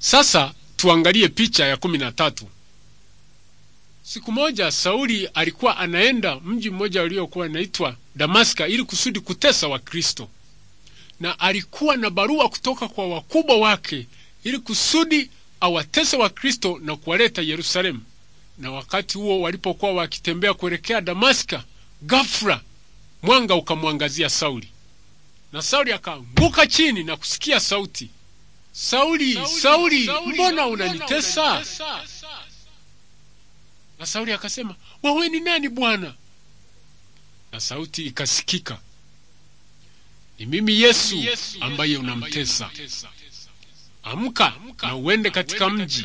Sasa tuangalie picha ya kumi na tatu. Siku moja Sauli alikuwa anaenda mji mmoja uliokuwa unaitwa Damaska ili kusudi kutesa Wakristo, na alikuwa na barua kutoka kwa wakubwa wake ili kusudi awatese Wakristo na kuwaleta Yerusalemu. Na wakati huo walipokuwa wakitembea kuelekea Damaska, ghafla mwanga ukamwangazia Sauli, na Sauli akaanguka chini na kusikia sauti Sauli, Sauli, Sauli, mbona unanitesa? na Sauli akasema, wewe ni nani Bwana? Na sauti ikasikika, ni mimi Yesu ambaye unamtesa. Amka na uende katika mji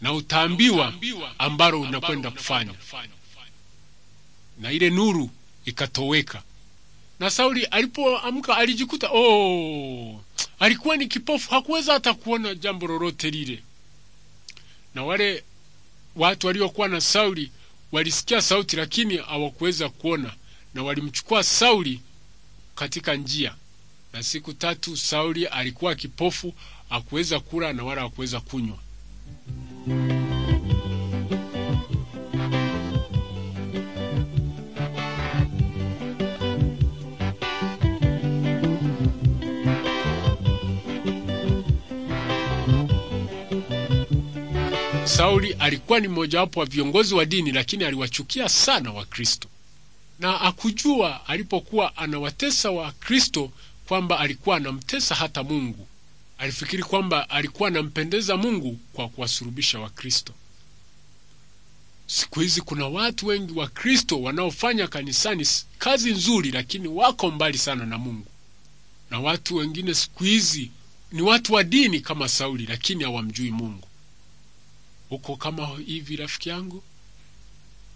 na utaambiwa ambalo unakwenda kufanya. Na ile nuru ikatoweka na Sauli alipoamka alijikuta oh, alikuwa ni kipofu, hakuweza hata kuona jambo lolote lile. Na wale watu waliokuwa na Sauli walisikia sauti, lakini hawakuweza kuona, na walimchukua Sauli katika njia. Na siku tatu Sauli alikuwa kipofu, hakuweza kula na wala hakuweza kunywa. Sauli alikuwa ni mmojawapo wa viongozi wa dini, lakini aliwachukia sana Wakristo na akujua alipokuwa anawatesa Wakristo kwamba alikuwa anamtesa hata Mungu. Alifikiri kwamba alikuwa anampendeza Mungu kwa kuwasurubisha Wakristo. Siku hizi kuna watu wengi Wakristo wanaofanya kanisani kazi nzuri, lakini wako mbali sana na Mungu. Na watu wengine siku hizi ni watu wa dini kama Sauli, lakini hawamjui Mungu uko kama hivi rafiki yangu